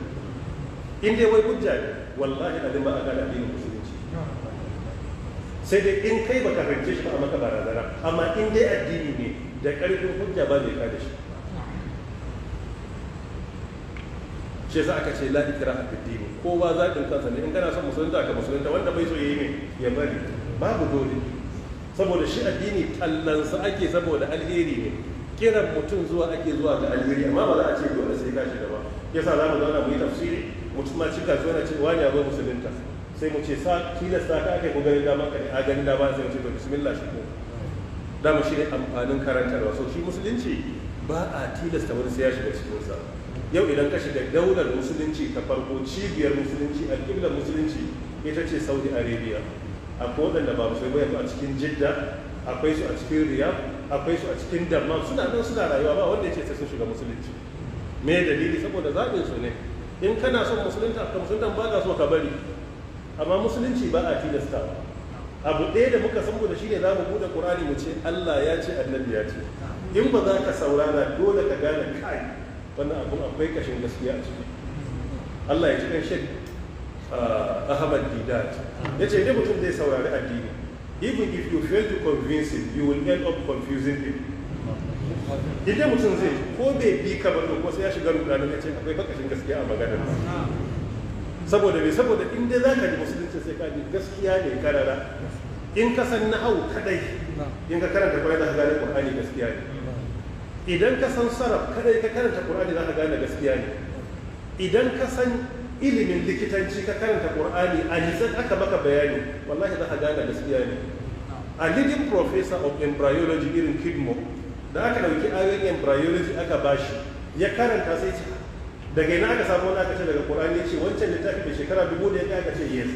in dai wai hujja ne wallahi abin ba a ka da addinin musulunci sai dai in kai baka rance shi ba a maka barazana amma in dai addini ne da karfin hujja ba ka da shi shi yasa aka ce la ikraha din kowa ka kansa ne in kana son musulunta ka musulunta wanda bai so yayi ne ya bari babu dole saboda shi addini tallansa ake saboda alheri ne kiran mutum zuwa ake zuwa ga alheri amma ba za a ce dole sai ka gaba ba yasa za mu zauna mu yi tafsiri mutum ma cika zuwa na ce wani abu musulunta sai mu ce sa tilasta ka aka yi ko ganin dama ka ne a ganin dama sai mu ce bismillah shi ko dama shi ne amfanin karantarwa so shi musulunci ba a tilasta wani sai ya shiga cikin sa yau idan ka shiga daular musulunci ta farko cibiyar musulunci a alƙiblar musulunci ita ce saudi arabia akwai waɗanda ba su yi a cikin jidda akwai su a cikin riya akwai su a cikin damma suna nan suna rayuwa ba wanda ce sai sun shiga musulunci me dalili saboda zaɓin su ne in kana son musulunta ka musulunta ba ka so ka bari amma musulunci ba a tilasta abu ɗaya da muka san da shine za mu buɗe qur'ani mu ce Allah ya ce annabi ya ce in ba za ka saurara dole ka gane kai wannan abu akwai kashin gaskiya a ciki Allah ya ci kan shek ah, Ahmad Didat ya ce ne mutum zai saurari addini even if you fail to convince him you will end up confusing him idan mutum zai ko bai bi ka ba ko sai ya shiga rudanin ya ce akwai kashin gaskiya a maganar saboda me saboda in dai za ka ji musulunci sai ka ji gaskiya ne karara in ka san na hau kadai in ka karanta kwaya da ka gane qur'ani gaskiya ne idan ka san sarraf kadai ka karanta qur'ani za ka gane gaskiya ne idan ka san ilimin likitanci ka karanta ƙur'ani, a nisan aka maka bayani wallahi za ka gane gaskiya ne a leading professor of embryology irin kidmo da aka dauki ayoyin embryology aka bashi ya karanta sai ce daga ina aka samu wani aka daga qur'ani ya ce wancan littafi da shekara dubu da ya aka ce yes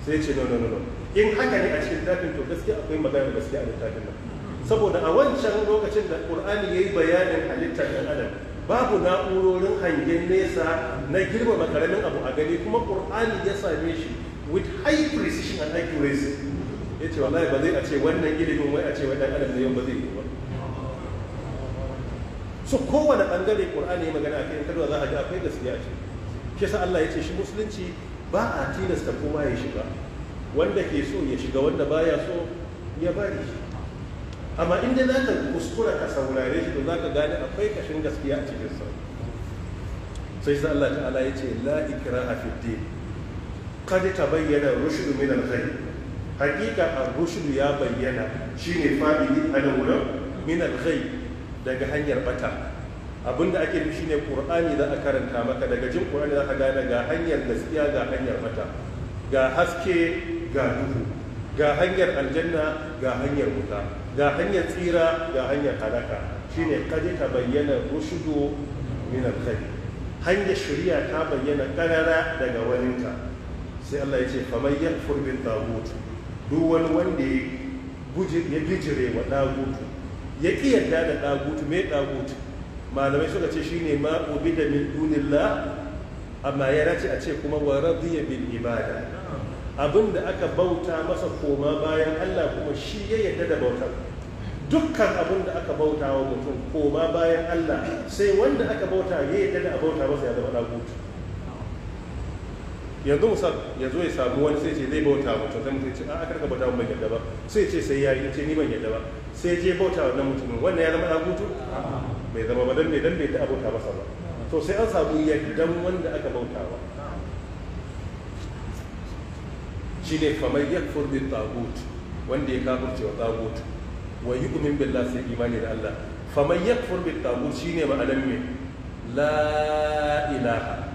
sai ce no no no in haka ne a cikin littafin to gaskiya akwai magana gaskiya a littafin nan saboda a wancan lokacin da ƙur'ani ya yi bayanin halittar ɗan adam babu na'urorin hangen nesa na girmama karamin abu a gani kuma ƙur'ani ya same shi with high precision and accuracy ya ce wallahi ba zai a ce wannan ilimin wai a ce wai ɗan adam na yau ba zai yi ba so kowane ɓangare ƙur'ani ya magana a kai kalwa za a ga akwai gaskiya ce shi sa Allah ya ce shi musulunci ba a tilasta kuma ya shiga wanda ke so ya shiga wanda baya so ya bari shi amma inda za ka kuskura ka saurare shi to za ka gane akwai kashin gaskiya a cikin sa sai sai Allah ta'ala ya ce la ikraha fi din ta bayyana rushd min al-ghayb hakika ar-rushd ya bayyana shine fa'ili a nan wurin min al-ghayb daga hanyar bata abinda ake nufi shine qur'ani za a karanta maka daga jin qur'ani za ka gane ga hanyar gaskiya ga hanyar bata, ga haske ga duhu ga hanyar aljanna ga hanyar wuta ga hanyar tsira ga hanyar halaka shine kaje ta bayyana rushudu min alkhali hanyar shari'a ta bayyana karara daga waninka. sai Allah ya ce kamar yakfur furbin tagut duk wani wanda ya bijire wa tagutu ya ki yarda da tagutu mai tagutu malamai suka ce shine ma da min dunillah amma ya race a ce kuma wa radiya bil ibada abin da aka bauta masa koma bayan Allah kuma shi ya yarda da bautar dukkan abin da aka bauta wa mutum koma bayan Allah sai wanda aka bauta ya yarda da a bauta masa ya zama ɗagutu yanzu musamman ya zo ya samu wani sai ce zai bauta mutum sai mutum ce a aka ka bauta mai yadda ba sai ce sai ya yi ce ni ban yadda ba sai je bauta wannan mutumin wannan ya zama ɗagutu bai zama ba dan bai dan bai da abota masa ba to sai an samu yaddan wanda aka bauta ba shine famar yak bi tagut wanda ya kafirce wa tagut wa yu'min billahi sai imani da Allah Famai yak bi tagut shine ma'anar me la ilaha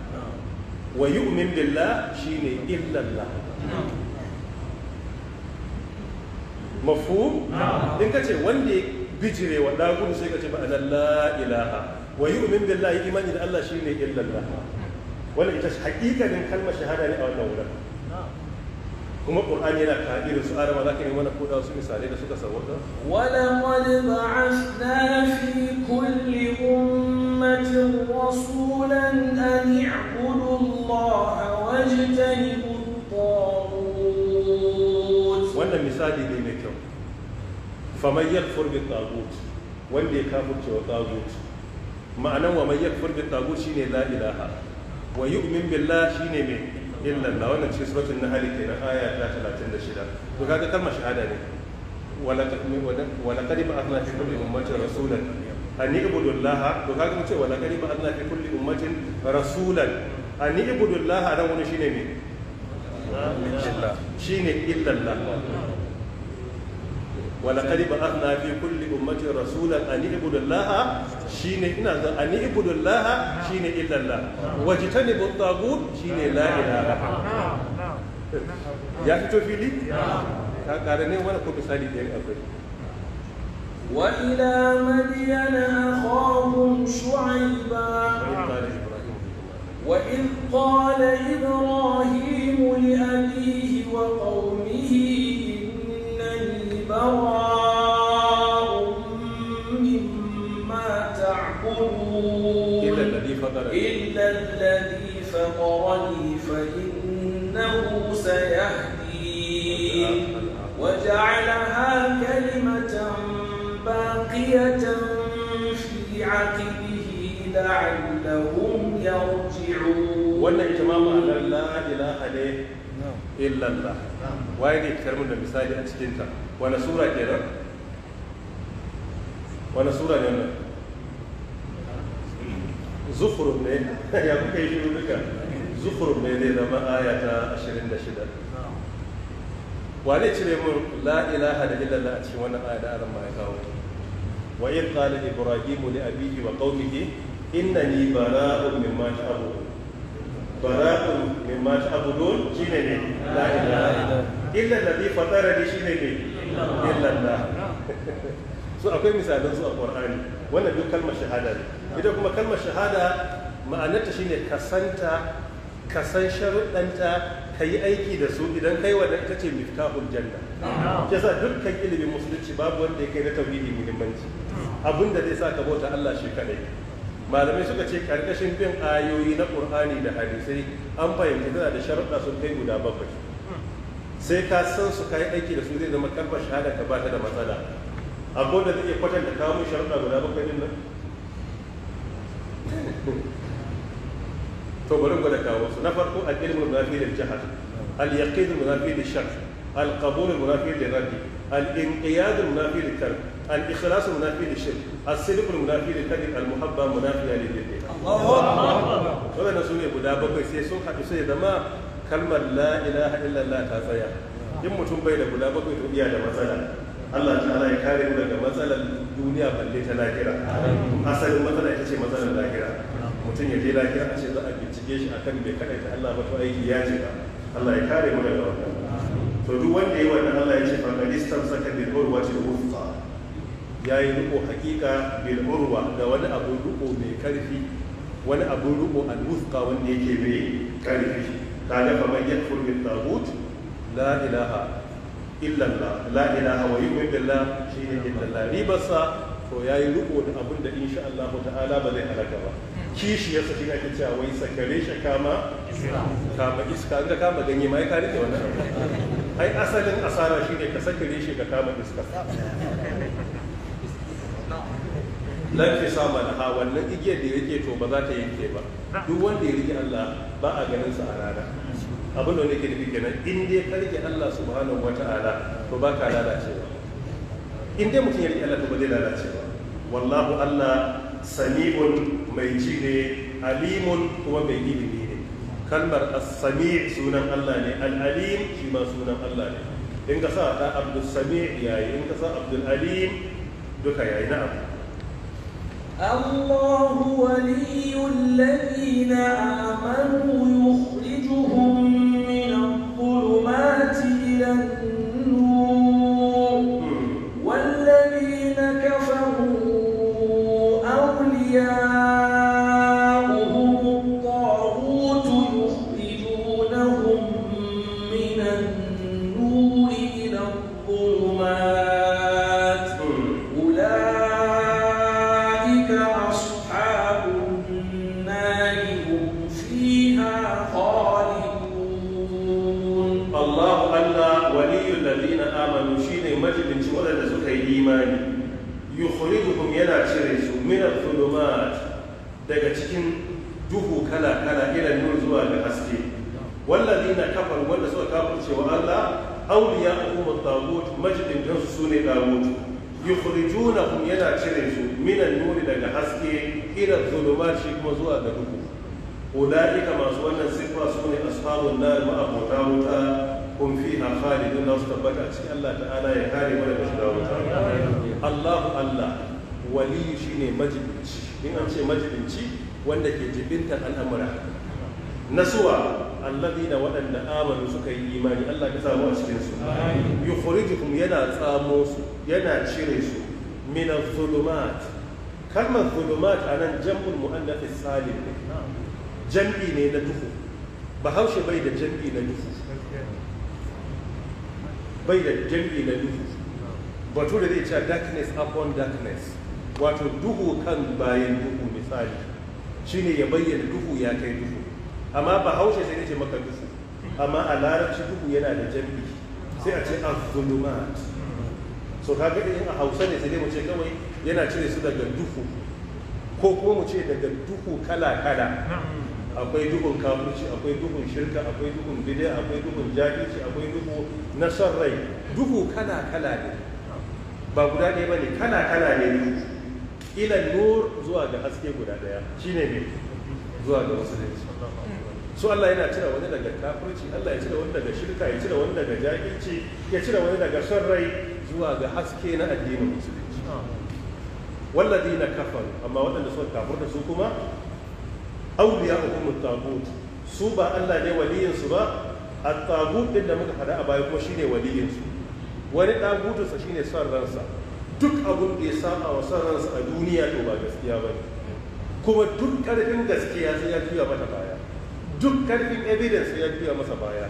wa yi yu'min billah shine illa Allah mafhum in ka ce wanda ya bijire wa dagun sai ce ma'anar la ilaha wa yi yu'min yi imani da Allah shine illa Allah wannan ita hakikanin kalmar shahada ne a wannan wurin kuma Qur'an yana ka irin su arama zaka yi mana koda su misalai da suka sabota
wala qad ba'athna fi kulli ummatin rasulan an ya'budu allaha wajtanibu at-taghut wannan
misali ne mai kyau faman yakfur bi at taghut wanda ya kafirce wa at taghut ma'anan wa man yakfur bi at taghut shine la ilaha wa yu'min billahi shine mai illallah wannan cikin suratul nahl kenan aya ta 36 to kaga kalmar shahada ne wala takmi wala qad ba'athna fi kulli ummatin rasulan an ibudu allaha to kaga mu ce wala qad ba'athna fi kulli ummatin rasulan an ibudu allaha dan wani shine me illallah shine illalla. wala qad ba'athna fi kulli ummatin rasulan an ibudu allaha Shi ne ina zan ani ibudullah ne illallah wajtani buttagut shine la ilaha
ya fito fili
ta ƙara ne wani ko misali da ya akwai
وإلى مدين أخاهم شعيبا وإذ قال إبراهيم لأبيه وقومه إنني برا استقرني فإنه سيهدين وجعلها كلمة باقية في عقبه لعلهم يرجعون wannan ita ma ma'anar
la ilaha ne illallah waye ne ita da misali a cikinta wani wani sura ne zufurum ne ya kuka yi shiru duka zufurum ne zai zama aya ta 26 wane cire mun la ilaha da illallah a cikin wannan aya da Allah ma ya kawo wa in qala ibrahimu li abihi wa qaumihi innani bara'un mimma ta'budun bara'un mimma ta'budun shine ne la ilaha illa alladhi fatarani shine ne illallah so akwai misalan su a qur'ani wannan duk kalmar shahada ne ita kuma kalmar shahada ma'anarta shine ka san sharuɗanta ka yi aiki da su idan kai wa ka ce miftahul janna sa dukkan ilimin musulunci babu wanda ya kai na tauhidi muhimmanci Abun da zai sa ka bauta Allah shi kadai malamai suka ce karkashin bin ayoyi na qur'ani da hadisai an fahimci tana da sharuɗa sun kai guda bakwai sai ka san su kai aiki da su zai zama kalmar shahada ka ba ta da matsala akwai da zai iya kwatanta kawo sharuɗa guda bakwai din nan to bari gwada kawo su na farko a ilmul munafi lil jihar al yaqin munafi lil shak al qabul munafi lil radi al inqiyad munafi lil tark al ikhlas munafi lil shirk al sidq munafi lil kadhib al muhabba munafi lil bid'ah Allahu akbar wannan sune guda bakwai sai sun haɗu sai zama kalmar la ilaha illallah ta tsaya in mutum bai da guda bakwai to iya da matsala Allah ta'ala ya kare mu daga matsalar duniya balle ta lahira asalin matsala ita ce matsalar lahira mutum ya je lahira a ce za a bincike shi akan bai kaɗaita Allah ba to aiki ya ce Allah ya kare mu daga wannan to duk wanda ya yi wannan Allah ya ce fa qadistan saka bil urwati al ya yi riko hakika bil urwa da wani abu riko mai karfi wani abu riko al-wuthqa wanda yake mai karfi kaga fa man yakfur bil tagut la ilaha illallah la ilaha wa yu'min billah shi ne illallah ribarsa to ya yi riko da abin da insha Allah ta'ala ba zai halaka ba kishi ya saki ake cewa wai sakare shi kama kama iska ga kama ganye ma ya kare wannan ai asalin asara shi ne ka sakare shi ka kama iska lan fi sama da wannan igiyar da yake to ba za ta yanke ba duk wanda ya rike Allah ba a ganin sa a rana abin da nake nufi kenan in dai ka rike Allah subhanahu wata'ala to ba ka lalacewa in dai mutum ya rike Allah to ba zai lalacewa wallahu Allah sami'un mai ci ne alimun kuma mai ilimi ne kalmar as-sami' sunan Allah ne al shi ma sunan Allah ne in ka sa ta abdul sami' yayi in ka sa abdul alim duka yayi na'am
الله ولي الذين آمنوا يخرجهم
yukhrijunahum yana cire su minan nuri daga haske ila zulumat shi kuma zuwa ga duhu ulaika masu wannan sifa sune ashabun nar ma abota wuta kun fiha khalidun la tabbata ci Allah ta'ala ya kare mu daga shiga wuta Allah Allah wali shine majibinci in an ce majibinci wanda ke jibintan al'amura nasuwa allazi da waɗanda amanu suka yi imani Allah ka samu a cikin su yukhrijukum yana tsamo su yana cire su min adh-dhulumat kalmar dhulumat anan jam'ul muannath salim jam'i ne na duhu bahaushe bai da jam'i na duhu bai da jam'i na duhu batu da zai ce darkness upon darkness wato duhu kan bayan duhu misali shine ya bayyana duhu ya kai duhu amma ba haushe sai ce maka amma a larabci duhu yana da jambi sai a ce a zuluma so kaga yin a hausa ne sai dai mu ce kawai yana cire su daga duhu ko kuma mu ce daga duhu kala kala akwai duhun kafirci akwai duhun shirka akwai duhun bid'a akwai duhun jahilci akwai duhu na son rai duhu kala kala ne ba guda ɗaya ne kala kala ne ne ila nur zuwa ga haske guda ɗaya shine ne zuwa ga wasu da so Allah yana cire wani daga kafirci Allah ya cire wani daga shirka ya cire wani daga jahilci ya cire wani daga son rai zuwa ga haske na addinin musulunci na kafar amma waɗanda suka da su kuma awliya hukumut tagut su ba Allah ne waliyin su ba at-tagut din da muka faɗa a baya kuma shine waliyin su wani sa shine son ransa duk abun da ya saba wa son ransa a duniya to ba gaskiya bane kuma duk ƙarfin gaskiya sai ya juya mata baya duk karfin evidence ya juya masa baya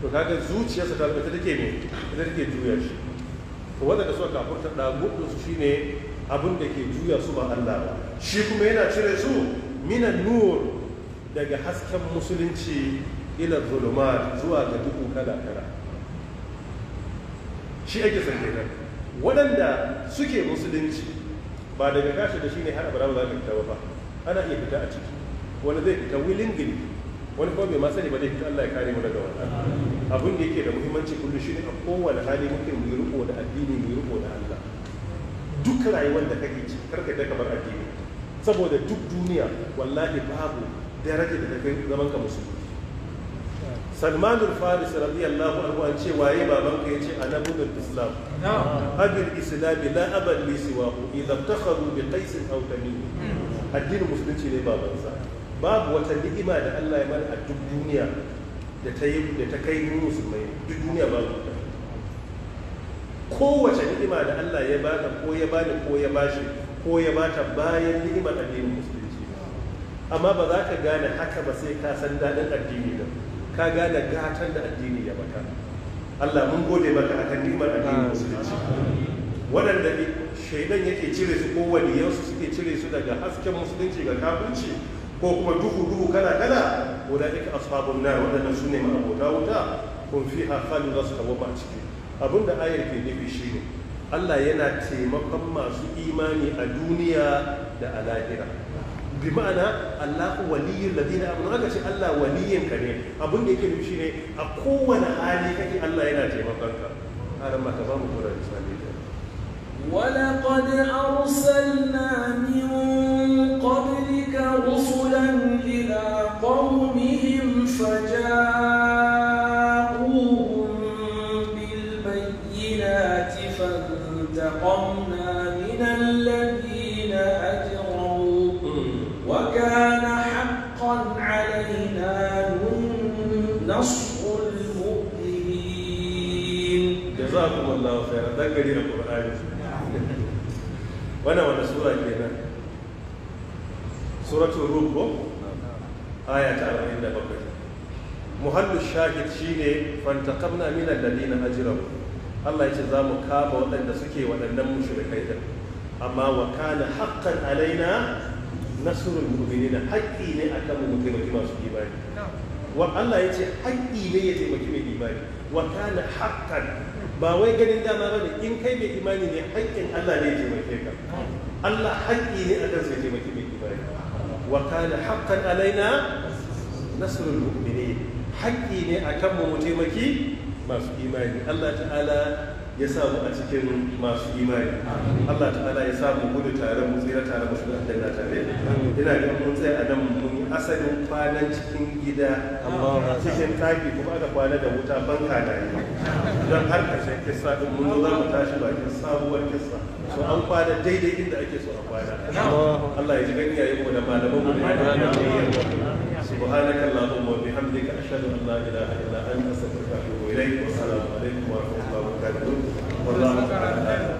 to kaga zuciyarsa ta ta take ne ita take juya shi to wanda suka kafurta dagudun su shine abin da ke juya su ba Allah ba shi kuma yana cire su minan nur daga hasken musulunci ila zulumat zuwa ga duhu kala kala shi ake san waɗanda suke musulunci ba daga kashi da shine har abada ba za ka fita ba ana iya fita a ciki wani zai fita willingly wani kuma bai ma sani ba laifin Allah ya kare mu daga wannan abin da yake da muhimmanci kullum shi ne a kowane hali muke mu riko da addini mu riko da Allah duk rayuwar da kake ci karka da kamar addini saboda duk duniya wallahi babu daraja da kai zaman ka musulmi Salman al-Faris radiyallahu anhu an ce waye baban ka yace ana bin Islam habil Islam la abad li siwahu idza takhadu bi qais aw tamim hmm. addinin musulunci ne babansa babu wata ni'ima da Allah ya mana a duk duniya da ta yi da ta kai mu musulmai duk duniya babu ta kowace ni'ima da Allah ya bada ko ya bani ko ya bashi ko ya bata bayan ni'imar addinin musulunci amma ba za ka gane haka ba sai ka san daɗin addini da ka gane gatan da addini ya baka Allah mun gode maka akan ni'imar addinin musulunci waɗanda shaidan yake cire su ko waliyansu suke cire su daga hasken musulunci ga kafirci ko kuma duhu duhu kana kana ulaika ashabun na wadannan sune ma abota wuta kun fiha za su ba ciki abinda ayar ke nufi ne. Allah yana taimakon masu imani a duniya da a lahira bi ma'ana Allah waliyyun ladina amanu aka ce Allah waliyin ka ne abin da yake nufi ne a kowane hali kake Allah yana taimakon ka haram ba ka ba mu
kura da sami da
ولقد أرسلنا من قبلك رسلا
gari na ƙur'ani wannan wanda sura ke nan suratul rum ko aya ta 47 muhallu shahid shine fantaqamna min alladhina ajramu Allah ya ce za mu kama waɗanda suke waɗannan mushrikai din amma wa kana haqqan alaina nasrul mu'minina haƙƙi ne akan mu taimaki masu imani wa Allah ya ce haƙƙi ne ya taimaki mai imani wa kana haqqan ba wai ganin dama ba ne in kai mai imani ne haƙƙin Allah ne ya taimake ka Allah haƙƙi ne a kansa ya taimake mai imani wa kana haqqan alaina nasrul mu'minin haƙƙi ne a kanmu mu taimaki masu imani Allah ta'ala ya samu a cikin masu imani Allah ta'ala ya samu gudu tare mu tsira tare mu shiga aljanna tare ina ga mun tsaya a nan mun asalin kwanan cikin gida cikin taki kuma aka kwana da wuta banka da yi don har ƙarshen kissa ɗin mun za mu tashi bakin sabuwar kisa so an kwana daidai inda ake so a kwana Allah ya ji gani yayin mu da malaman mu da yayin سبحانك اللهم وبحمدك
أشهد أن لا إله إلا أنت أستغفرك وأتوب إليك والسلام عليكم ورحمة الله وبركاته والله تعالى